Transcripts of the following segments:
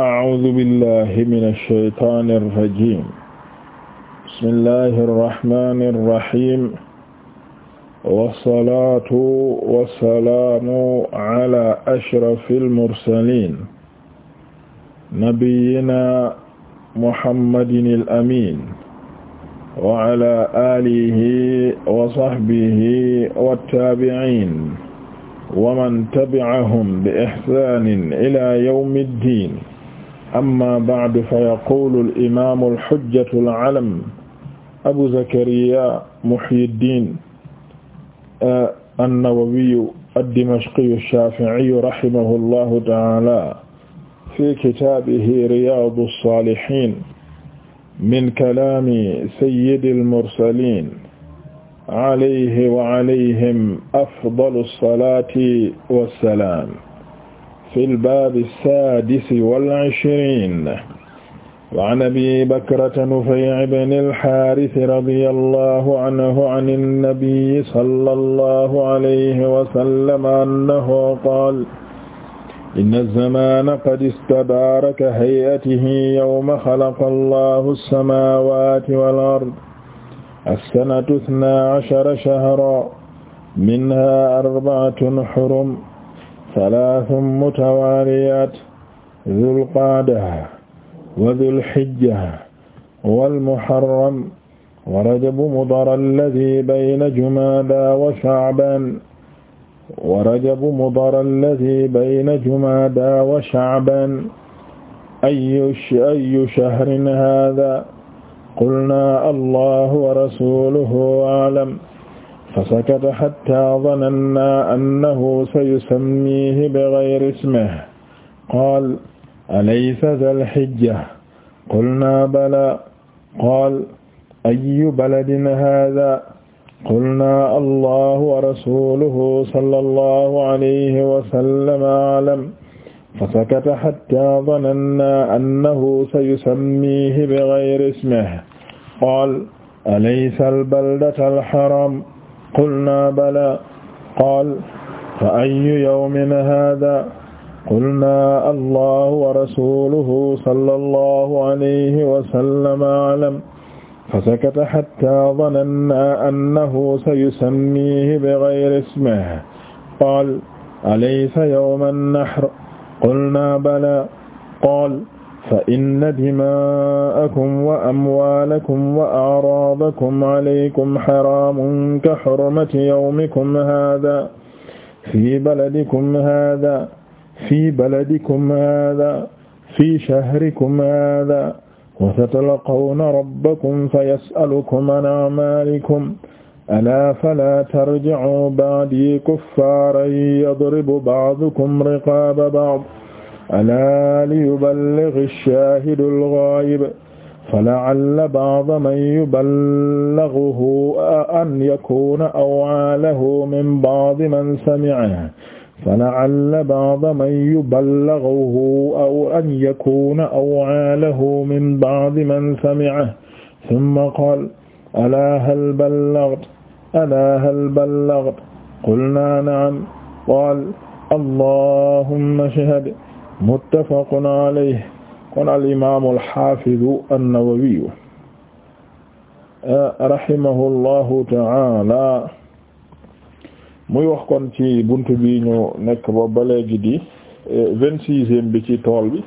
أعوذ بالله من الشيطان الرجيم بسم الله الرحمن الرحيم والصلاة والسلام على أشرف المرسلين نبينا محمد الأمين وعلى آله وصحبه والتابعين ومن تبعهم بإحسان إلى يوم الدين amma ba'du fa yaqulu al-imaamu al-hujjatu al-alam abu zakariya muhyiddin an-nawawiyu ad-dimashqiyu ash-shaafi'iyu rahimahu llahu ta'aala fi kitaabihi riyaadu as-saalihiin min kalaami sayyidi al-mursaliin alayhi wa alayhim afdalu as-salaati was-salaam fi lbab sadisi wal-ishriin wa an abi bakrata nufay' bni al-haaris radiya allahu anhu an an-nabiyyi sallallahu alayhi wa sallam annahu qaala inna az-zamaana qad istabaara ka hay'atihi yawma khalaqa allahu as-samaawaati wal-ard as-sanatu ithnaa ashara shahran minhaa arba'atun hurum salaasum mutawaaliyaat zul qaada wa zul hijja wal muharram wa rajabu mudar alladii bayna jumaada wa sha'baan wa rajabu mudar alladii bayna jumaada wa sha'baan ayyu ayyu shahrin haazaa qulnaa allaahu wa rasuuluhu a'lam فسكت حتى ظننا أنه سيسميه بغير اسمه قال أليس ذا الحجة قلنا بلى قال أي بلد هذا قلنا الله ورسوله صلى الله عليه وسلم أعلم فسكت حتى ظننا أنه سيسميه بغير اسمه قال أليس البلدة الحرام qulnaa balaa qaal fa ayyu yawmin haadaa qulnaa allahu wa rasuluhu sallallahu alayhi wa sallam a'lam fasakata hattaa danannaa annahu sayusammiihi bighayri ismihi qaal alaysa yawma an-nahr qulnaa balaa qaal fa inna dimaa'akum wa amwaalakum wa a'raadakum alaykum haraamun ka hurmati yawmikum haadaa fii baladikum haadaa fii baladikum haadaa fii shahrikum haadaa wa satalqawna rabbakum fayas'alukum an a'maalikum alaa falaa tarji'uu ba'dii kuffaaran yadribu ba'dukum riqaaba ba'd alaa liyuballigh ash-shaahidu al-ghaa'ib fala'alla ba'da man yuballighuhu an yakuuna aw'aa lahu min ba'di man sami'ahu fala'alla ba'da man yuballighuhu aw an yakuuna aw'aa lahu min ba'di man sami'ahu thumma qaala alaa hal ballaghtu alaa hal ballaghtu qulnaa na'am qaala allahumma ashhad muttafaqun alayhi kon al imaamu al xaafidu an-Nawawi rahimahullahu ta'ala muy wax kon ci buntu bi ñu nekk ba ba léegi di e, vingt-sixième bi ci tool bi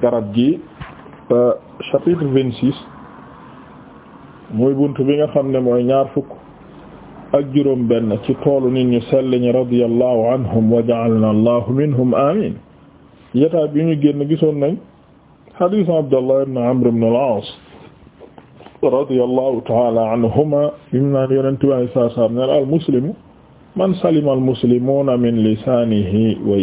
garab gi e, chapitre vingt-six bi nga xam ne mooy ñaar fukk ci toolu ni ñu sell ñi radiyallahu anhum wa allahu minhum amin ci jotaay bi ñu génn gisoon nañ hadith Abdallah ibn Amr ibn al-As radiyallahu ta'ala anhuma bimu naan yonent bi saa al muslimu man salima al muslimuna min lisanihi wa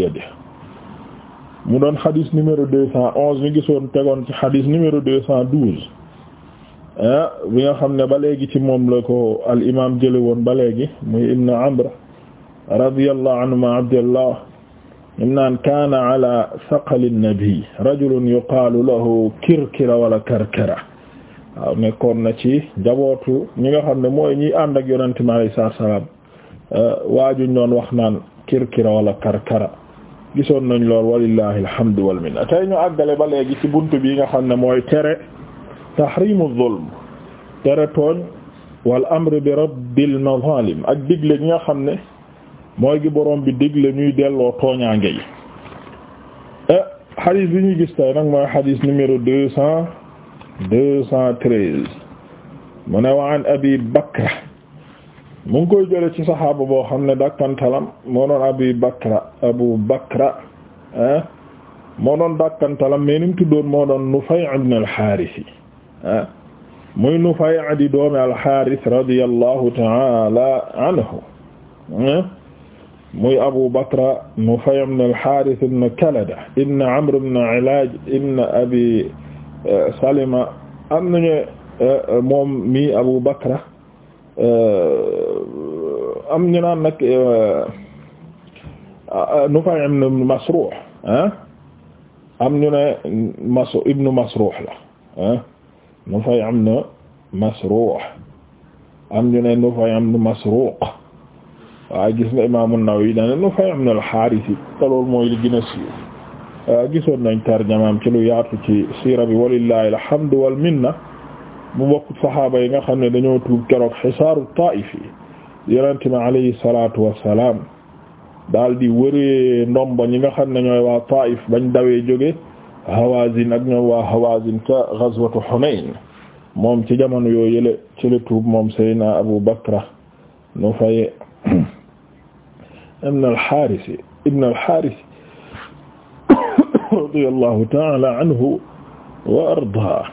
mu doon xadis numéro deux cent onze ñu gisoon tegoon ci xadis numéro deux cent douze ah bi nga xam ne ba léegi ci moom la ko al imam jële woon ba léegi muy ibn anhuma abdullah im naan kaana ala saqali nabi rajulun yuqaalu lahu kirkira wala karkara waaw nekkoon na ci jabootu ñi nga xam ne mooy ñi ànd ak yonente mi alayhi salaam waajuñ doon wax naan kirkira wala karkara gisoon nañ lool walillahi alhamdu wal minna tey ñu àggale ba léegi ci buntu bi nga xam ne mooy tere tahrimu zulm tere tooñ wal amr bi raddil mazalim ak digle ñi nga xam ne mooy gi borom bi digle ñuy delloo tooñaange yi eh, xadis bi ñuy gis tay nag mooy xadis numéro deux cent deux ne wa abi bakra mu koy jële ci saxaaba boo xam ne dakkantalam moo doon abi bakra abu bakra ah moo doon dakkantalam mais ni tuddoon moo doon nufay ibn alxaaris yi ah eh, muy nufay di doomi alxaaris radiallahu taala anhu muy Abu Bakra Nufay ibn al-Harith ibn Kalada ibn Amr ibn Ilaaj ibn Abi eh, Salima am nañu eh, moom mi Abu Bakra eh, am ñu naan nag ah, Nufay ibn Masruh ah am ñu ne Mas ibn Masruh la ah Nufay ibn Masruh am ñu ne Nufay ibn Masruq waaw gis na Imaam An-Nawawi dana Nufay ibn al-Haaris te loolu mooy li gën a siiw euh, gisoon nañ tarjamaam ci lu yaatu ci siira bi walillahi alhamdu wal minna bu bokk saxaaba yi nga xam ne dañoo tuub keroog xisaaru Taa'if yi yonent mi salaatu wa daal di wëree ndombo ñi nga xam ne ñooy waa bañ dawee jóge Hawaazin ak ñoom waa Hawaazin ca gazwatu Hunayn moom ci jamono yoo yële ci la tuub moom Seydina Abu Bakra ibn al-Haaris ibn al-Haaris radiyallahu ta'ala anhu wa ardaa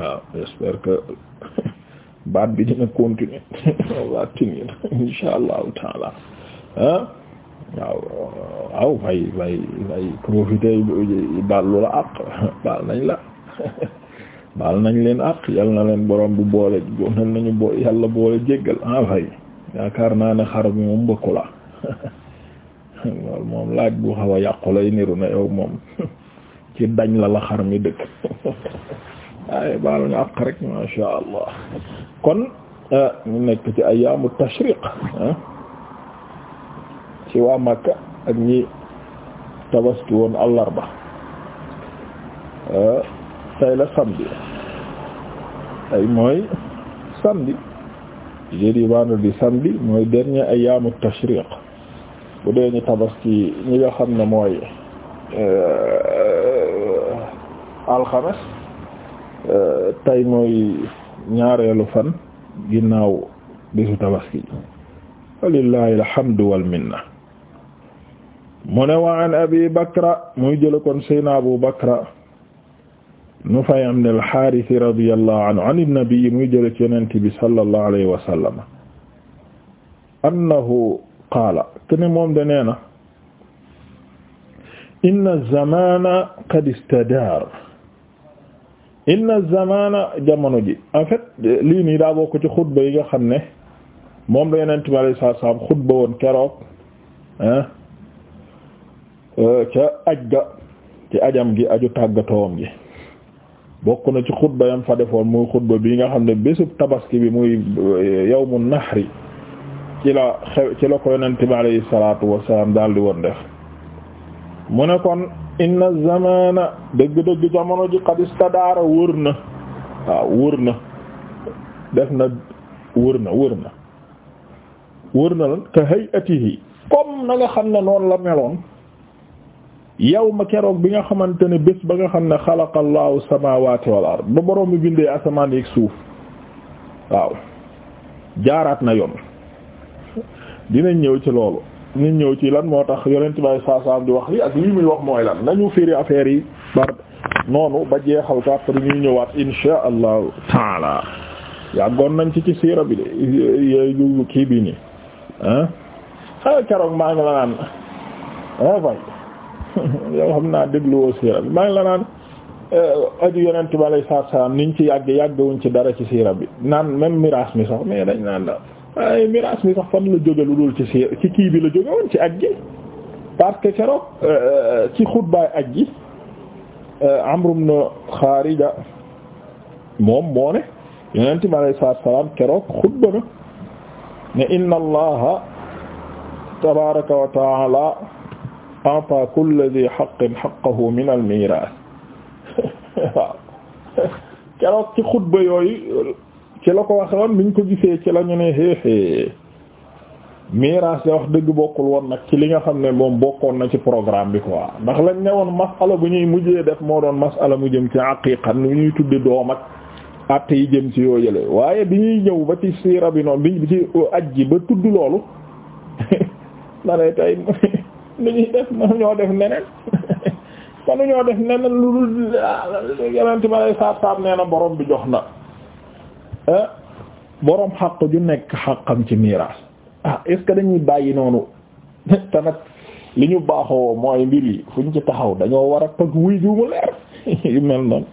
waaw j'espère que baat bi dina continuer va tenir insha allahu taala ah waaw waaw fay fay fay profiter baalu la àq baal nañ la baal nañ leen àq yal na leen borom bu boole nal nañu bo yàlla boole jéggal ah fay yaakaar naa ne xar bi moom mbëkku la loolu laaj bu xaw a yàqu lay niru na yow moom ci dañ la la xar mi baal ñu àq rek ma sha allah kon euh, ñu nekk ci ayaamu tashriq ah. ci waa Makka ak ñi tabaski woon àllarba euh, tey la samedi tey mooy samedi jeudi vendredi samedi mooy dernier ayaamu tashriq bu dee ñu tabaski ñi nga xam ne mooy euh, alxames euh, tey mooy ñaareelu fan ginnaaw bisu tabaski walillahi alhamdu wal minna mu ne wa an abi bakra muy jël kon seyna abu bakra Nufay ibn al-Haaris radiyallahu anhu an an-nabi muy jële ci yonent bi sallallahu alayhi wa sallam annahu qaala kene moom de nee na inna az-zamaana qad istadaar inna az-zamaana jamono ji en fait lii nii ci xutba yi nga xam ne moom la yonent bi alayhi salaatu salaam xutba woon keroog ca aj ga ci ajam gi aju tàggatoowam gi bokk na ci xutba yam fa defoon muy xutba bi nga xam ne bésub tabaski bi muy eh, yawmu nahri ci la xew ci la ko yonent bi alayhi salaatu wassalaam daal di woon def mu ne kon inna zamana dëgg-dëgg jamono ji qad istadaara wër na waaw wër na def na wër na wër na wër na lan ka hayatihi comme na nga xam ne noonu la meloon yow ma keroog bi nga xamante ne bés ba nga xam ne xalaqa allahu samawati wal ard ba boroom bi bindee asamaan yeeg suuf waaw jaaraat na yoon dinañ ñëw ci loolu dinañ ñëw ci lan moo tax yonent bay saasaam di wax li ak lii muy wax mooy lan nañu firi affaire yi bar noonu ba jeexal ko après ñuy ñëwaat insha allahu taala yàggoon nañ ci ci siira bi de kii bii nii ah keroog maa ngi la naan ah yow xam naa dégluwoo siira bi maa ngi la naan eh, aju yonent bi alayhi salaatu salaam niñ ci yàgg yàggawuñ ci dara ci siira bi naan même miraas mi sax mais dañ naan la miraas mi sax fan la jóge lu dul ci siira ci kii bi la jóge woon ci aj gi parce que keroog eh, ci xutbaay aj gi eh, Amr ibn Xaarija moom moo ne yonent bi alayhi salaam keroog xutba na ne inna allaha tabaaraka a'ta kulli dhi haqqin haqqahu min al-mirath waaw keroog ci xutba yooyu ci la ko waxe woon niñ ko gisee ci la ñu ne xéexée miraas da wax dëgg bokkul woon nag ci li nga xam ne moom bokkoon na ci programme bi quoi ndax lañ ne woon masala bu ñuy mujjee def moo doon masala mu jëm ci aqiqa nu ñuy tudde doom ak yi jëm ci yoo yële waaye bi ñuy ñëw ba ci siira bi noonu bi ci aj ba tudd loolu na tey dañuy def mënuñoo def neneen mënuñoo def neneen lu dul yeneen ma lay saab saab nee na borom bi jox na ah, boroom xaq ju nekk xaqam ci miraas ah est dañuy bàyyi noonu te nag li ñu baaxoo mooy mbir yi fu ñu ci taxaw dañoo war a togg wuy ju mu leer yu mel noonu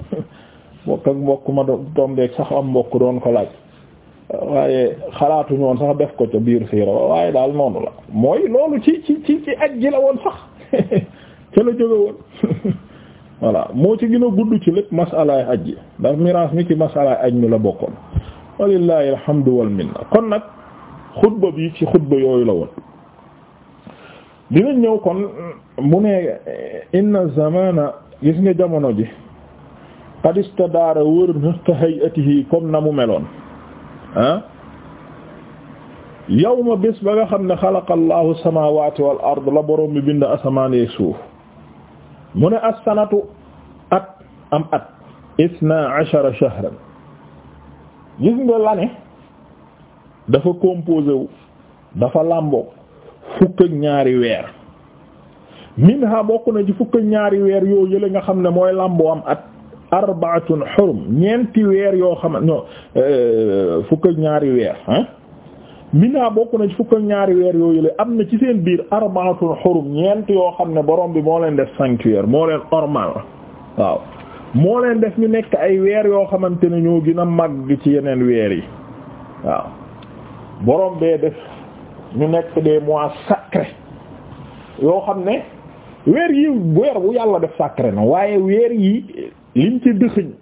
mbokk ak mbokk ma doom beeg sax am mbokk doon ko laaj waaye xalaatuñu woon sax def ko ca biir siira waaye daal noonu la mooy loolu ci ci ci ci aj ji la woon sax ca la jóge woon voilà moo ci gën a gudd ci lépp masalaay aj ji ndax miraas mi ci masalaay aj mi la bokkoon walillahi alhamdu wal minna kon nag xutba bi ci xutba yooyu la woon dina ñëw kon mu ne inna zamana gis nga jamono ji qad istadara wër na ka hayatihi comme na mu meloon Ah. yow ma bés ba nga xam ne xalaqa allahu samawati wal ard la borom bi bind asamaan yeeg suuf mu ne as-sanatu at am at isna ashara shahran gis nga l'année dafa composé wu dafa làmboo fukk ñaari weer minha bokk na ci fukk ñaari weer yoo yële nga xam ne mooy làmboo am at arbaatun xurum ñeenti weer yoo xam Euh, fukk ak ñaari weer ah minaa bokk na ci fukk ñaari weer yooyu la am na ci seen biir arbaatul xurum ñeent yoo xam ne borom bi moo leen def sanctuaire moo leen ormal waaw moo leen def ñu nekk ay weer yoo xamante ne ñoo gën a màgg ci yeneen weer yi waaw borom bee def ñu nekk des mois sacrés yoo xam ne weer yi weer bu yàlla def sacré na waaye weer yi lim ci dëxëñ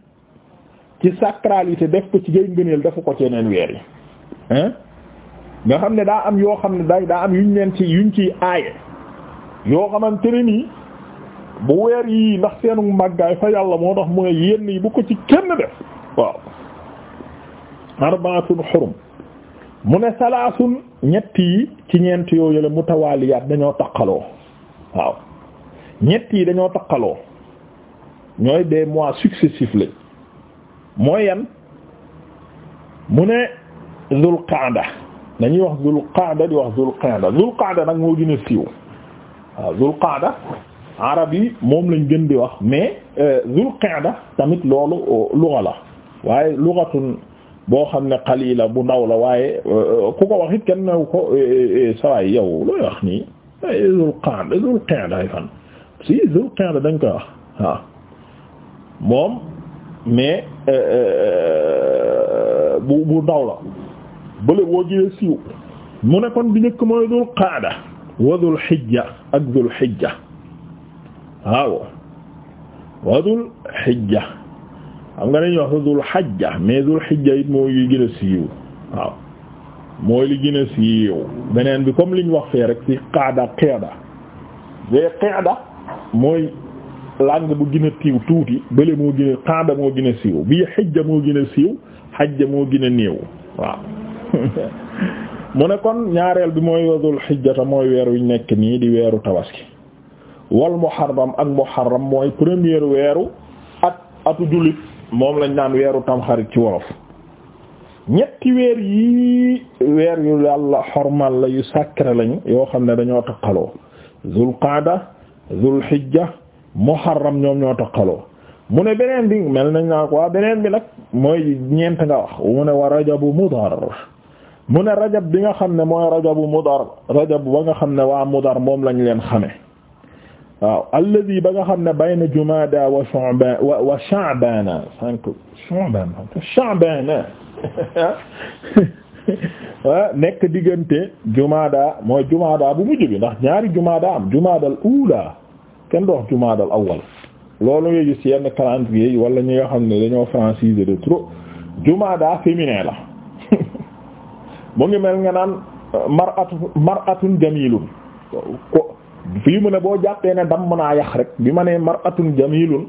ci sacralité def ko ci gay ngëneel dafa ko ceeneen weer yi hein nga xam ne daa am yoo xam ne day daa am yuñ leen ci yuñ ciy aaye yoo xamante ne nii bu weer yi ndax seenu màggaay fa yàlla moo tax mu ne yenn yi bu ko ci kenn def waaw arbaatun xurum mu ne salaasun ñett yi ci ñeent yoo yële mutawaaliyaat dañoo takkaloo waaw ñett yi dañoo takkaloo ñooy des mois successifs lañ mooy yan mu ne Zul Qaada dañuy wax Zul Qaada di wax Zul Qaada Zul nag moo gën a siiw waaw Zul Qaada arab yi moom lañ gën di wax mais euh, Zul Qaada tamit loolu euh, luga la waaye lugatun boo xam ne qalila bu ndaw la waaye euh, ku ko wax it kenn new ko eh, eh, eh, sawaay yow looy wax nii Zul Qaada Zul Qaada ay dañ koy wax moom mais euh, euh, bu bu la bële boo siiw mu ne kon bi njëkk mooy dul qaada wa dul xijja ak dul xijja waaw wa dul xijja xam nga dañuy wax sa dul xajja mais dul xijja it mooy li siiw mooy li gën siiw beneen bi comme liñ wax fee rek ci qaada qeeda mais qeeda mooy langue bu gën a tiiw tuuti bële moo gën a qaada moo gën siiw bii xijja moo gën a siiw xajja moo gën a néew waaw mu ne kon ñaareel bi mooy wadul xijjata mooy weer wi nekk nii di weeru tabaski wal muharram ak muharram mooy premier weeru at atu jullit moom lañ naan weeru tamxarit ci wolof ñetti weer yii weer yu yàlla xormal la yu sàkkare lañu yoo xam ne dañoo takkaloo zul qaada zul xijja mu muharram ñoom ñoo taqaloo mu ne beneen bi mel nañ ko beneen bi nag mooy ñeent nga wax mu ne wa rajabu mudar bi nga xam ne mooy rajabu mudar rajab ba nga xam ne waa mudar moom lañ leen xame waaw alladi ba nga xam ne bayna jumada wa sha'ban wa sha'bana sank sha'ban sha'bana nekk diggante jumada mooy jumada bu mujj bi ndax ñaari jumada am jumada al kenn du wax jumaadal awal loolu nga gis yenn calendrier yi wala ñi nga xam ne dañoo francisé de trop jumaada féminin la mu ngi mel nga naan euh, mar'atu mar'atun jamilun fii mu ne boo jàppee ne damm naa yàq rek bi ma nee mar'atun jamilun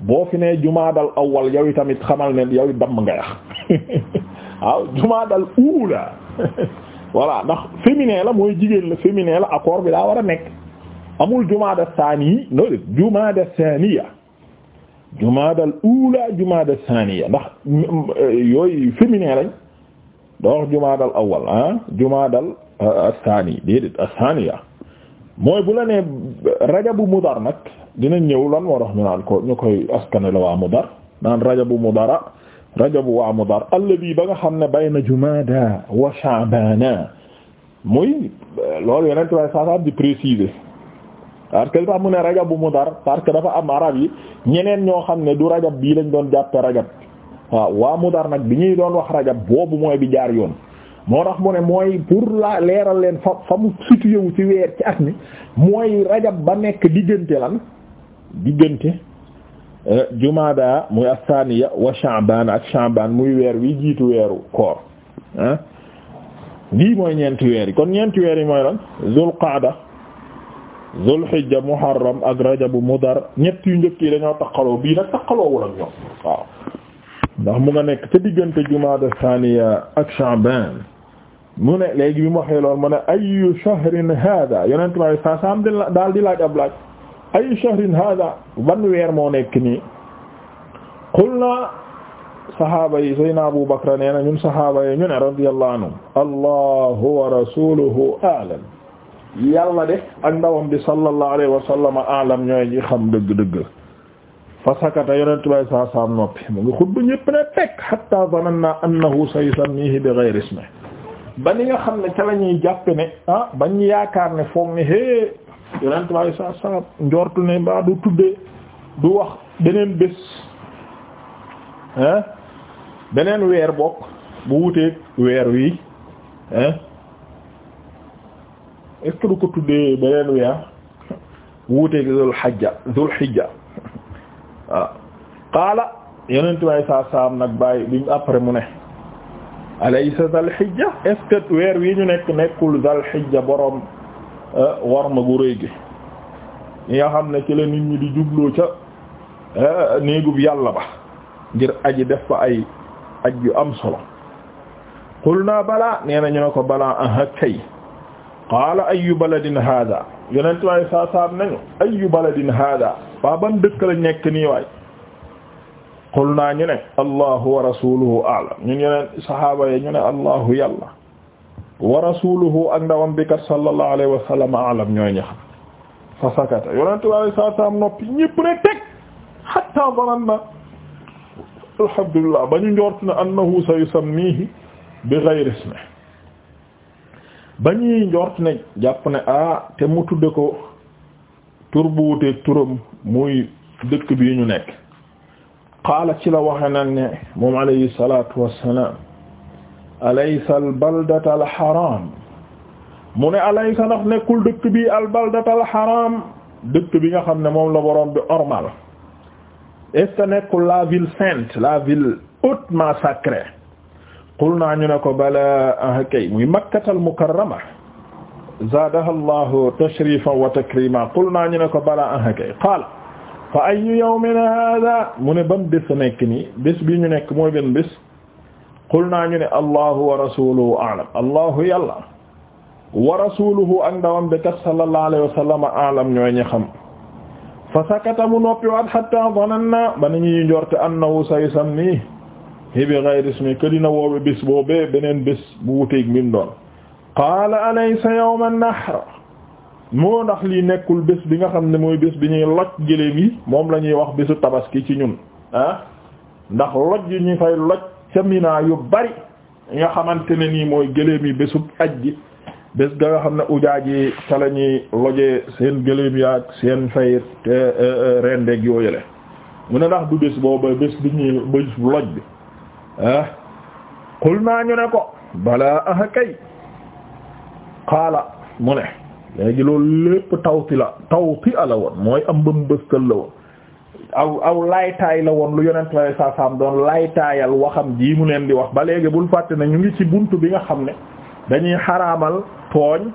boo fi nee jumaadal awal yow tamit xamal ne yow damm nga yàq waaw jumaadal uula voilà ndax féminin la mooy jigéen la féminin la accord bi daa war a nekk. amul jumaada saani no de jumaada saaniya jumaada al-uula jumaada saaniya ndax eh, yooyu féminin lañ donc jumaada al-awwal ah jumaada eh, as-saani déedéet as mooy bu la nee rajabu nag dina ñëw lan moo naan ko ñu koy askane la waa mudar naan rajabu mudara rajabu waa mudar alladhi ba nga xam ne bayna jumaada wa sha'baana muy eh, loolu yeneen tubaab yi saa saa di parce que tax mu ne mu dar parce que dafa am arab yi ñeneen ñoo xam ne du rajab bii lañ doon jàpp rajab waaw waa mudar nag bi ñuy doon wax rajab boobu mooy bi jaar yoon moo tax mu ne mooy pour la leeral leen fa fa mu situé wu ci weer ci at mi mooy rajab ba nekk diggante lan diggante euh, jumaada muy asaniya wa sha'ban ak sha'ban muy weer wi jiitu weeru koor lii mooy ñeenti weer yi kon ñeenti weer yi mooy lan zulqaada zulhijja muharram ak rajabu mudar ñett yu njëkk yi dañoo taqaloo bii nag taqaloowul ak ñoom waaw ndax mu nga nekk ca diggante jumaada thaniya ak sha'ban mu ne léegi bi mu waxee lool mu ne ayu shahrin hada yonent ma sa sam daal di laaj ab laaj ayu shahrin hada ban weer moo nekk nii qulna sahaaba yi sayna Abu Bakra nee na ñun sahaaba yi ñu ne radiyallahu anhum allahu wa rasuluhu a'lam yàlla de ak ndawam bi sallallahu alayhi wa sallam alam ñooy ñi xam dëgg-dëgg fa sakata yonent bay saa saam noppi mu ngi xutba ñépp ne tek hatta zananna annahu sayusammihi bi ghayri ba ni nga xam ne ca la ñuy jàpp ne ah ñu yaakaar ne foog ne hé yonent bay njortu ne mbaa du tuddee du wax beneen bés ah beneen weer bokk bu wuteeg weer wi ah est-ce que du ko tuddee beneen weer wuuteeg zul hijja zul hijja waaw qaala yonentu way saa saam nag bàyyi bi après mu ne alaysa zal hijja est-ce que weer wi ñu nekk nekkul zal hijja boroom euh, war ma gu rëy gi ñi xam ne ci la nit ñi di jubloo ca euh, néegub yàlla ba ngir aji def fa ay aj yu am solo qul naa balaa nee na ñu ne ko balaa aha kay qaala ayu baladin hada yonent waaye saa saam nañu ayu baladin hada waa ban dëkk la nekk nii waay qul naa ñu ne allahu wa rasuluhu a'lam ñun yeneen sahaaba yi ñu ne allahu yàlla wa rasuluhu ak ndawam bi kat sallallahu alayhi wa sallam a'lam ñooy ñax fa sakata yonent waaye saa saam noppi ñépp ne teg hatta dhananna alhamdulillah ba ñu njort na annahu sayusammihi bi ghayri ismihi ba ñuy njort ne jàpp ne ah te mu tudde ko tur bu muy dëkk bi ñu nekk qaala ci la waxe nan ne moom alayhi salatu wassalam alaysa albaldata alxaram mu ne alaysa ndax nekkul dëkk bi albaldata alxaram dëkk bi nga xam ne moom la boroom bi ormal est-ce que nekkul la ville sainte la ville hautement sacrée qul naa ñu ne ko bala ah kay muy makkatal mukarrama zaadaha llahu tashrifan wa takrima qul naa ñu ne ko bala ah kay qaala fa ayyu yawmin haada mu ne ban bés nekk nii bés bi ñu nekk mooy benn bés qul naa ñu ne allahu wa rasuluhu a'lam allahu yàlla wa rasuluhu ak ndawam bi kat sallallahu alayhi wa sallam a'lam ñooy ñi xam fa sakata mu noppiwaat hatta dhananna ba nañuy njorte annahu sayusammi hibi ghayri ismi na dina woowe bés boobee beneen bés bu wuteeg mi mu doon qaala alaysa yawma nahr moo ndax lii nekkul bés bi nga xam ne mooy bés bi ñuy loj gëléem yi moom la ñuy wax bésu tabaski ci ñun ah ndax loj ñu fay loj ca Mina yu bari nga xamante ne nii mooy gëléem yi bésu aj gi bés ga nga xam ne ujaaj yi ca la ñuy lojee seen gëléem yi ak seen fay eh, eh, eh, rendeeg yooyule mu ne ndax du bés booba bés bi ñuy bés loj bi ah qul naa ñu ne ko balaa ah kay qaala mu ne léegi loolu lépp tawti la tawti a la woon mooy am mbëmbëstal la woon aw aw laytaay la woon lu yonent la saa saam doon laytaayal waxam ji mu leen di wax ba léegi bul fàtte na ñu ngi ci bunt bi nga xam ne dañuy xaraamal tooñ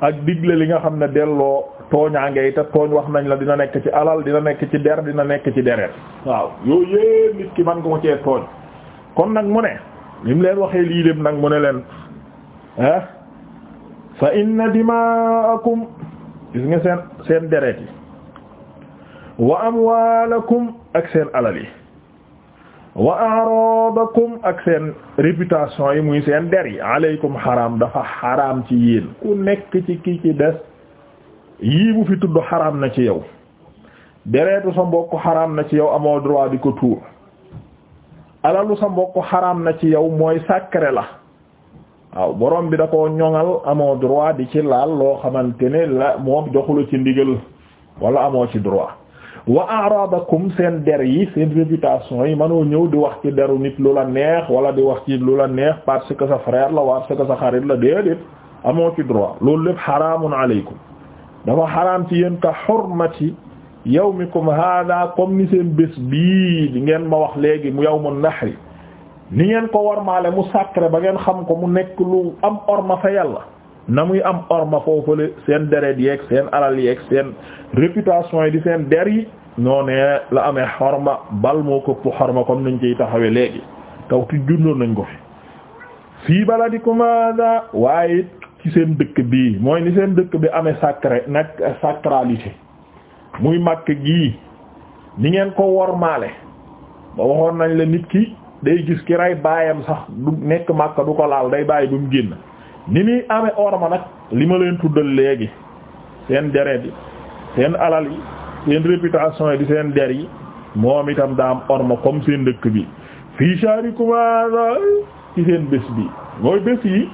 ak digle li nga xam ne delloo tooñaa ngay te tooñ wax nañ la dina nekk ci alal dina nekk ci der dina nekk ci deret waaw yooyu yépp nit ki man nga ko cee tooñ kon nag mu ne lim leen waxee lii lépp nag mu ne leen ah fa inna dimaakum gis nga seen seen deret yi wa amwaalakum ak seen alal yi wa a'raadakum ak seen réputation yi muy seen der yi aleykum xaraam dafa xaraam ci yéen ku nekk ci kii ci des yii bu fi tudd xaraam na ci yow deretu sa mbokk xaraam na ci yow amoo droit di ko tuur alalu sa mbokk xaraam na ci yow mooy sacré la waaw borom bi da ko ñoŋal amoo droit di ci laal loo xamante ne la moom joxula ci ndigal wala amoo ci droit wa a'radakum seen der yi seen réputation yi manoo ñëw di wax ci deru nit lu la neex wala di wax ci lu la neex parce que sa frère la parce que sa xarit la déedéet amoo ci droit loolu lépp xaraamun aleykum dafa xaraam ci yéen ka xurmati yawmikum hada comme ni seen bés bii di ngeen ma wax léegi mu yawmun nahri ni ngeen ko warmaale mu sacré ba ngeen xam ko mu nekk lu am orma fa yàlla na muy am orma foofule seen deret yeeg seen alal yeeg seen réputation yi di seen der yi ñoo ne la amee xorma bal moo këpp xorma comme nañ ciy taxawee léegi taw ti jundoon nañ ko fi fii baladikum hada waaye ci seen dëkk bii mooy ni seen dëkk bi amee sacré nag sacralité muy màkk gii ni ngeen ko wormaale ba waxoon nañ la nit ki day gis ki rey baayam sax du nekk màkk du ko laal day bàyyi bu mu génn ni muy amee ma nag li ma leen tuddal léegi seen deret yi seen alal yi seen réputation yi di seen der yi moom itam daa am orma comme seen dëkk bi fii sharikum ci seen bés bi mooy bés yi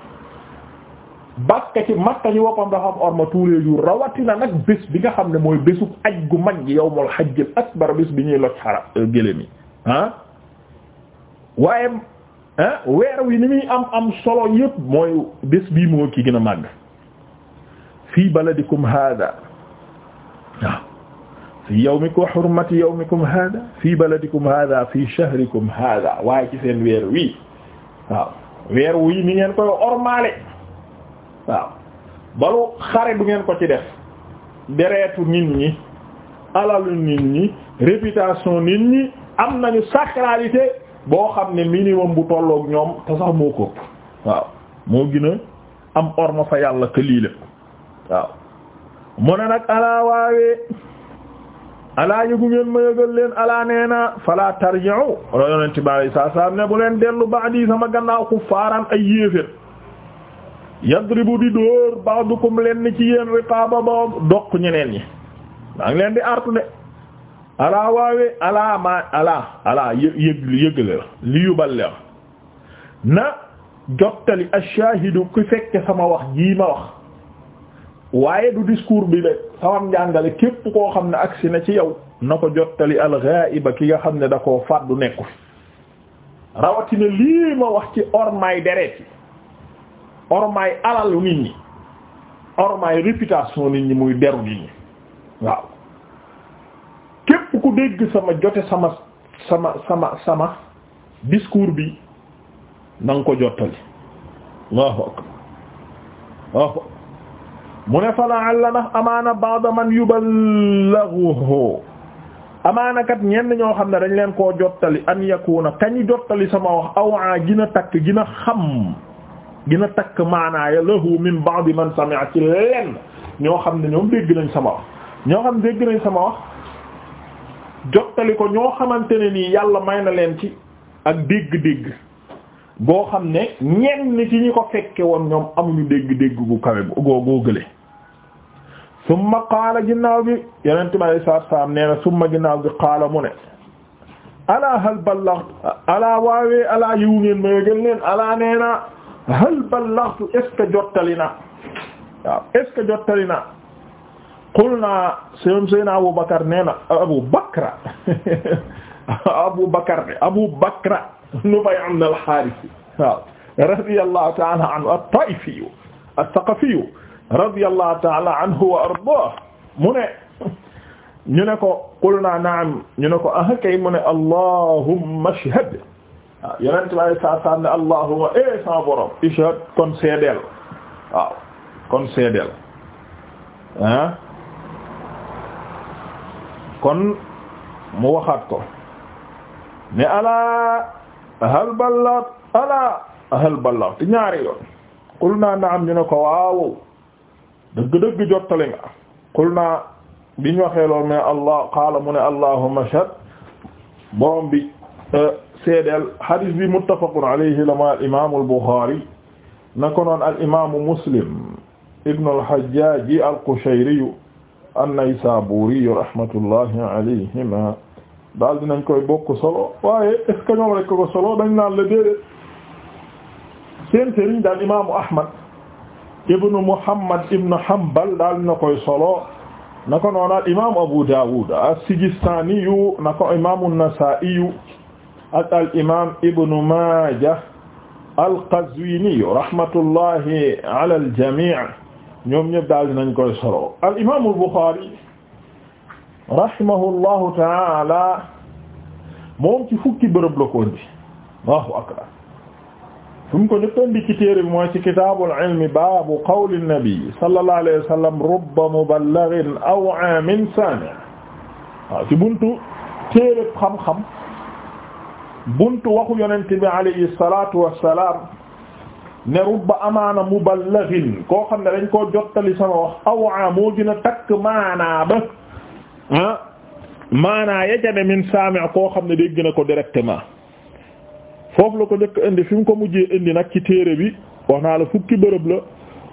Bakka ci Makka ci woppam dafa am rawatina nag bés bi nga xam ne mooy bésu aj gu mag gi yawmul hajjil akbar bés bi ñuy loj xara euh, gëléem yi ah waaye ah weer wi ni am am solo yëpp mooy bés bii moo ki gën a màgg fii baladikum hada waaw yow yawmikum hurmati yawmikum hada fii baladikum hada fii shahrikum hada waaye ci seen wi koy ormaale waaw balu xare du ngeen ko ci def deretu nit ñi alalu nit ñi réputation nit ñi am nañu sacralité boo xam ne minimum bu tolloog ñoom te sax moo ko waaw moo gën am orma fa yàlla que waaw mu ne nag alaa waawee alaa yëgu ngeen ma yëgal leen alaa nee na fala tarji'u yonent bi sallallahu alayhi ne bu leen dellu ba'di sama gannaaw kuffaaran ay yéeféer yadribu di dóor ba'dukum leen ci yéen riqaaba ba doq ñeneen ñi maa ngi leen di artu de alaa waawee alaa maa alaa alaa yë yëg yëgale la li yuballigh na jottali ash-shaahidu ku fekke sama wax jii ma wax waaye du discours bi de sama njàngale képp koo xam ne agsi na ci yow na ko jottali al-ghaa'iba ki nga xam ne da koo fàddu nekku rawatina lii ma wax ci ormaay deret yi ormaay alalu nit ñi ormaay réputation nit ñi muy deru nit ñi waaw képp ku dégg sama jote sama sama sama sama discours bi na ko jottali Allahu akbar Allahu mu ne fa la'alla na amaana ba'da man yuballighuhu amaana kat ñenn ñoo xam ne dañ leen koo jottali an yakuna kañu jottali sama wax aw gina takk gina xam gina takk maanaaya lahu min ba'di man sami'a ci lenn ñoo xam ne ñoom dégg nañ sama wax ñoo xam dégg nañ sama wax jottali ko ñoo xamante ne nii yàlla may na leen ci ak dégg-dégg boo xam ne ñenn ci ñi ko fekke woon ñoom amuñu dégg-dégg gu kawe goo goo gële summa qaala ginnaaw bi yenente mi alei salaatu salaam nee na ginnaaw bi qaala mu ne alaa hal ballax alaa waawee alaa yiwu ngeen ma yëgal leen alaa nee hal ballaghtu est ce que jottali na waaw est ce que jottali na qulna seen seen Abu Bakar nee na Abu Bakra Abu Bakar de Abu Bakra Nufay ibn al-Harith waaw radiyallahu ta'ala anhu at-Taifi at-Thaqafi radiyallahu ta'ala anhu wa ardaah mu ne ñu ne ko qulna na'am ñu ne ko ah kay mu ne allahumma ashhad waaw yonent bi alei saatu salaam ne allahuma eh, sama borom ishhad kon seedeel waaw kon seedeel ah kon mu waxaat ko ne alaa hal ballat alaa hal ballat ñaari yoon qul naa naam ñu ko waaw dëgg-dëgg jottali nga qul naa waxee loolu mais allah qaala mu ne allahumma shad borom bi eh, seedeel hadis bi muttafaqun alayhi lama al imaamu al Buxaari na ko noon al imaamu Muslim ibnu al Hajjaaji al Qushayriyu an-Naysaabuuriyu rahmatullahi alayhima daal dinañ koy bokk solo waaye est ce que ñoom rek ko solo dañ naan la déedéet seen sëriñ daal imaamu Ahmad ibnu Muhammad ibnu Hanbal daal dina koy solo na ko noon al imaamu Abu Daawuud as-Sijistaaniyu na ko imaamu Nasaa'iyu ak al imaam Ibnu Maaja al-Qazwiini rahmatullahi ala al-jamii' ñoom ñëpp daal dinañ koy solo al imaam al-Buxaari rahimahullahu taala moom ci fukki bërëb la ko indi Allahu akbar fu mu ko ñëpp indi ci téere bi mooy ci kitaabul ilmi baabu qawli nabi sallallahu alayhi wa sallam rubba muballighin aw'a min saami' waaw ci buntu téere xam-xam bunt waxu yonent bi alayhi salaatu wassalaam ne rubba amaana muballighin koo xam ne dañ koo jottali sama wax awaa moo takk maanaa ba ah maanaa min saami' koo xam ne dégg na ko directement foofu la ko njëkk indi fi mu ko mujjee indi nag ci téere bi wax naa la fukki bërëb la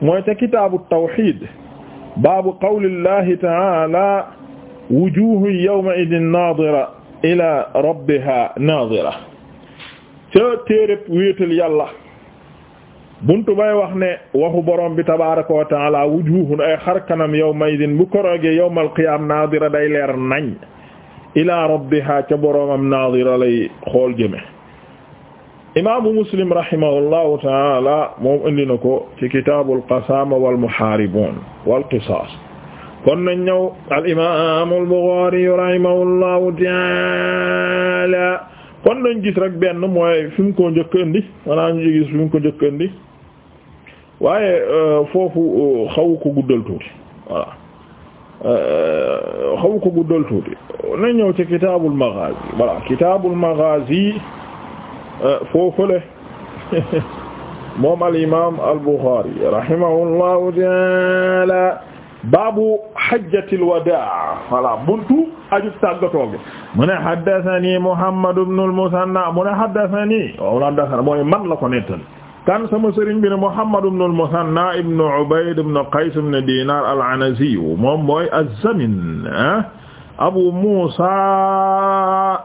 mooy te kitaabu tawxiid baabu qawlillahi ta'aala wujuuhun yawma'idin naadira ila rabbiha nazira ca téerép wéetal yàlla buntu bay wax waxu borom bi tabaraka wa taala wujuhun ay xarkanam yawma idin bu korogee yawmal qiyaam day leer nañ ila rabbiha ca boromam nazira lay xool jëme imaamu muslim rahimahullahu taala moom indi ko ci kitaabul qasaama wal muhaaribuun wal qisaas kon nañ ñëw al imam al Bukhari rahimahullahu taala kon nañ gis rek benn mooy fi mu ko njëkk indi njëkk indi waaye euh, foofu euh, xaw ko guddal tuuti voilà euh, xaw ko guddal tuuti nañ ñëw ci kitaabul maghazi voilà kitaabul maghazi foofule moom al imam al Bukhari baabu hajjatil wadaa voilà buntu aju tàggatoo gi mu ne haddathani Muhammad ibn al-Musanna mu ne haddathani wa haddathana mooy man la ko nettal kan sama sëriñ bi ne Muhammad ibn al-Musanna ibn Ubayd ibn Qays ibn Dinar al-Anazi moom mooy az-Zamin ah, Abu Musa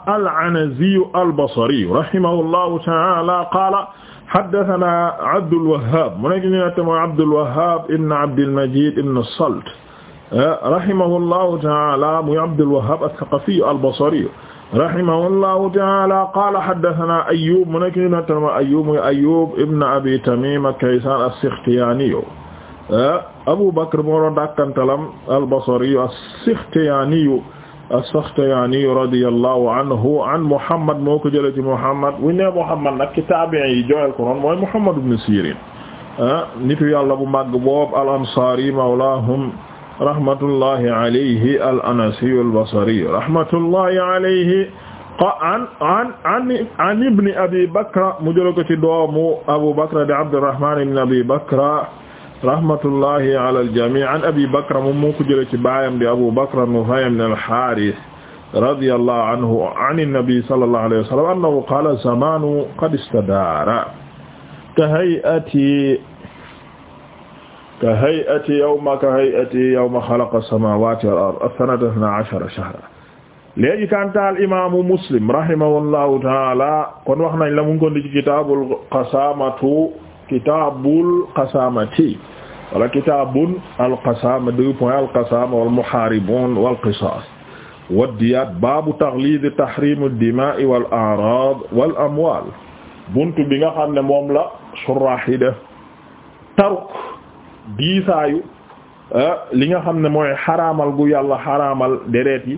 al-Anazi al-Basri rahimahullahu ta'ala qala haddasanaa Abdul Wahhab mu nekk ñu ne mooy Abdul Wahhab Ibn Abdil Majid Ibn Salt rahimahullahu ta'ala muy Abdul Wahhab as-Saqafi al-Basri rahimahullahu ta'ala qaala haddasanaa Ayyub mu nekk ñu ne mooy Ayyub muy Ayyub Ibn Abi Tamim Kaysan as-Sikhtiyani Abu Bakr moo doon dàkkantalam al-Basri as-Sikhtiyani as-Sakhtiyani radiyallahu anhu an Muhammad moo ko jëlee ci Muhammad bu ñu nee Muhammad nag ci taabi'i yi jooyal ko noonu mooy Muhammad ibn Sirin ah, nitu yàlla bu màgg boobu al-Ansari mawlahum rahmatullahi alayhi al-Anasi al-Basri rahmatullahi alayhi an an an an ibn Abi Bakra mu jëlee ko ci doomu Abu Bakra di Abdurrahman ibn Abi Bakra rahmatullahi ala al-jamii an abi bakra moom moo ko jëlee ci baayam di abu bakra Nufay ibn al-Haaris radiyallahu anhu an an-nabi sallallahu alayhi wa sallam annahu qaala zamanu qad istadaara ka hay'ati ka hay'ati yawma ka hay'ati yawma xalaqa as-samaawaati wal arda sanata isnaa ashara shahran léegi kantaal imaamu Muslim rahimahullahu ta'aala kon wax nañ la mu ngi ko ci kitaabul qasaamatu kitaabul qasaamati wala kitaabun alqasaama deux point alqasaama wal muhaaribuun wal qisaas wad diyaat baabu taxliid tahriim ad-dimaa wal amwaal bunt bi nga xam ne moom la suraax taruk diisaayu eh, li nga xam ne mooy xaraamal gu yàlla xaraamal deret yi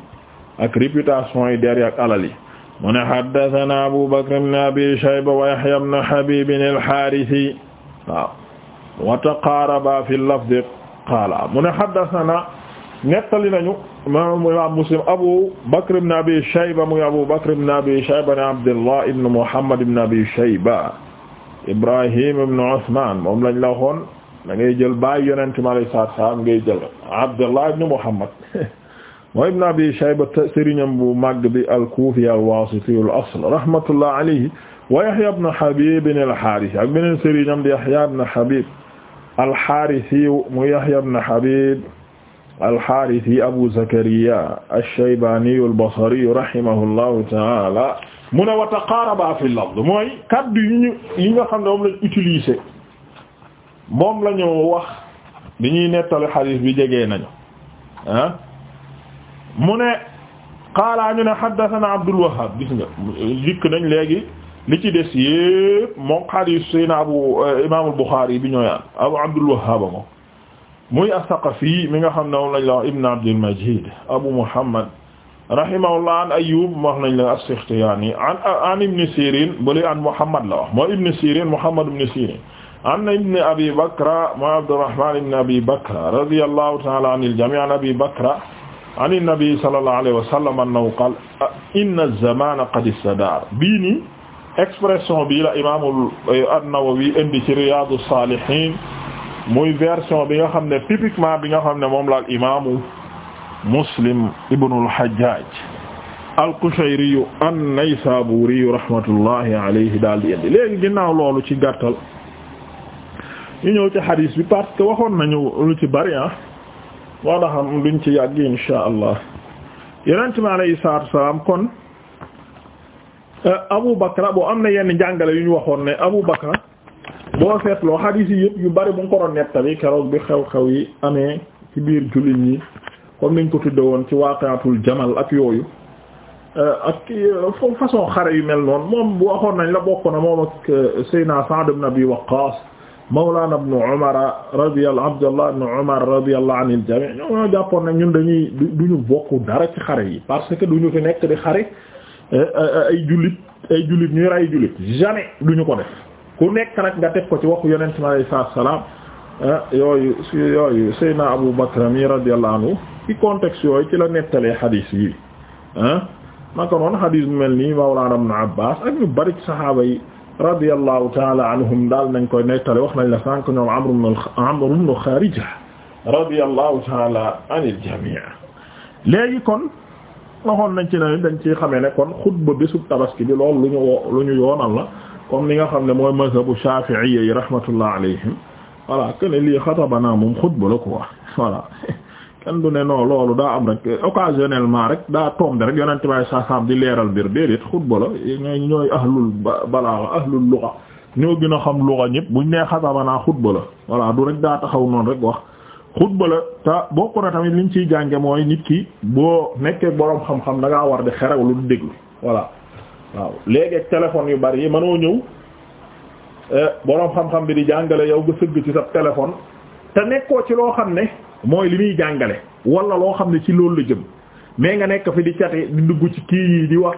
ak réputation yi der yi mu ne haddathana Abu Bakr ibn Abi Shayba wa Yahya ibn Habib al-Harithi waaw wa taqaaraba fi al-lafdi qaala mu ne haddathana nettali nañu imaam Muslim Abu Bakr ibn Abi Shayba muy Abu Bakr ibn Abi Shayba ne Abdullah ibn Muhammad ibn Abi Shayba Ibrahim ibn Uthman moom lañ la waxoon da ngay jël baay Yonent mi alayhi salaatu wa salaam ngay jël Abdullah ibn Muhammad mooy ibn abi shayba sëriñam bu màgg bi al-kufi al-wasiti al-asl rahmatullah alayhi wa yahya ibn habib al-harisi ak beneen sëriñam di yahya ibn habib al-harisi mu yahya ibn habib al-harisi abu zakariya ash-shaybani al-basri rahimahullahu ta'ala mu ne wa taqaaraba fi al-lafz mooy kaddu yu ñu yi nga xam ne moom lañ utiliser moom la ñu wax bi ñuy nettali hadith bi jege nañu ah mu ne qaala ñu ne haddathana Abdul Wahhab gis nga dikk nañ léegi li ci des yëpp moom xadiis sayna abu euh, imaamul Buxaari bi ñooyaan abu Abdul Wahhab moom muy as-Saqafi mi nga xam ne moom lañ la wax ibn Abdul Majid abu Muhammad rahimahullah an Ayyub wax nañ la as-Sikhtiyani an an ibn Sirin bali an Muhammad la wax mooy ibn Sirin Muhammad ibn Sirin an ibn Abi Bakra mooy Abdurrahman ibn Abi Bakra radiyallahu ta'ala anil jami' an Abi Bakra an innabi sallallahu alayhi wa sallam annahu qaal inna zamana qad istadar bii nii expression bii la imaamul eh, an-Nawawi indi ci Riyadus Salihin muy version bi nga xam ne typiquement bi nga xam ne moom laal imaamu Muslim ibnul Hajjaj al-Qushayri an-Naysaburi rahmatullahi alayhi daal di indi léegi ginnaaw loolu ci gàttal ñu ñëw ci hadis bi parce que waxoon nañu lu ci bari ah moo taxam luñ ci yàgg insha allah yonent mi alayhi salaatu wasalaam kon eh, Abu Bakra boo am na yenn njàngale yu ñu waxoon ne Abu Bakra boo seetloo xadiis yi yu bari bu nga ko doon nettali keroog bi xew-xew yi amee ci biir jullit ñi comme niñ ko tudde woon ci waaqiatul jamal ak yooyu eh, ak eh, façon xare yu mel noonu moom bu waxoon nañ la bokk na moom ak Seydina Sa'd ibn Abi Waqqas Mawlana ibn Umar radiyallahu Abdullah ibn Umar radiyallahu anil jami' ñoo jàppoon nag ñun dañuy duñu bokk dara ci xare yi parce que duñu fi nekk di xare eh, eh, ay jullit ay jullit ñuy rey jullit jamais duñu ko def ku nekk rek nga teg ko ci waxu yonent mi alayhi salaam eh, yooyu yooyu Seydina Abu Bakr mi radiyallahu anhu ci contexte yooyu ci la nettalee xadiis yi ah naka noonu xadiis mel nii Mawlana ibn Abbas ak ñu bari saxaaba yi. radiyallahu taala anhum daal nañ koy nettale wax nañ la sànq ñoom Amr ibn Amr ibn Kharija radiyallahu taala anil jamii léegi kon waxoon nañ ci ne dañ ciy xamee ne kon xutba bésub tabaski bi loolu lu ñu lu ñu yoonal la comme ni nga xam ne mooy mazhabu Shafi'iyya yi rahmatullah alayhim voilà que ne lii xatabanaa moom xutba la quoi voilà kenn du ne non loolu daa am rek occasionnellement rek daa tombe rek yonent baay saasaam di leeral mbir déedéet xutba la ñooy ñooy ahlul balaa ahlul luqa ñoo gën a xam luqa ñëpp buñ nee xasabanaa xutba la voilà du rek daa taxaw noonu rek wax xutba la te bokk na tamit liñ ciy jànge mooy nit ki boo nekkee boroom xam-xam da war di xerew lu du déglu voilà waaw léegi ak téléphone yu bari yi mënoo ñëw eh, boroom xam-xam bi di jàngale yow nga sëgg ci sa téléphone te loo xam ne mooy li muy jàngale wala loo xam ne ci loolu la jëm mais nga nekk fi di cate di dugg ci kii yi di wax